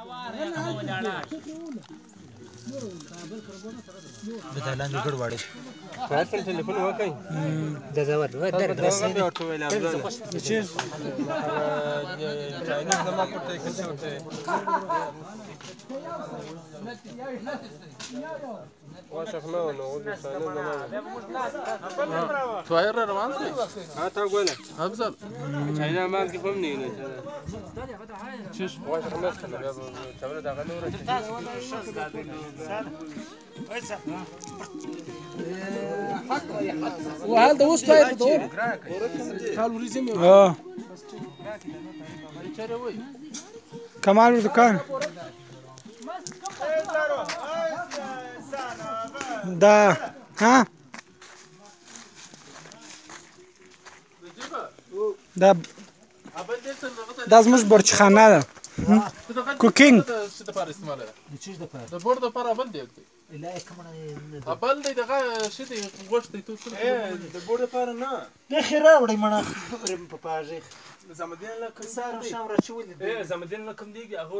حوار يا قوم د دالان جوړ وړي فاصل ټلیفون وکي د زور و در د سې د ټو ویل افضل چې چاینا د ما پټه کې څه وته واشخنا نو د سالن نو تو ایر روان دي ها تا ګول افضل چاینا ما کې کوم نه نه چې واشخنا څه نه بیا چاوله دا غنور چې وهل ده وسط طيب ده قالوا ريزم اه كمال دکان دا ها دا دا زموږ برچخانه ده کوکینګ څه د پاره استعمال ده چې د پاره د بورډ لپاره بل دی لا کومه بل دی دغه شې دی غوښتې ته څه د بورډ لپاره نه نه خیره وړي مړه په پاجې زمدین لکه سار شام را چولې زمدین لکه دی هغه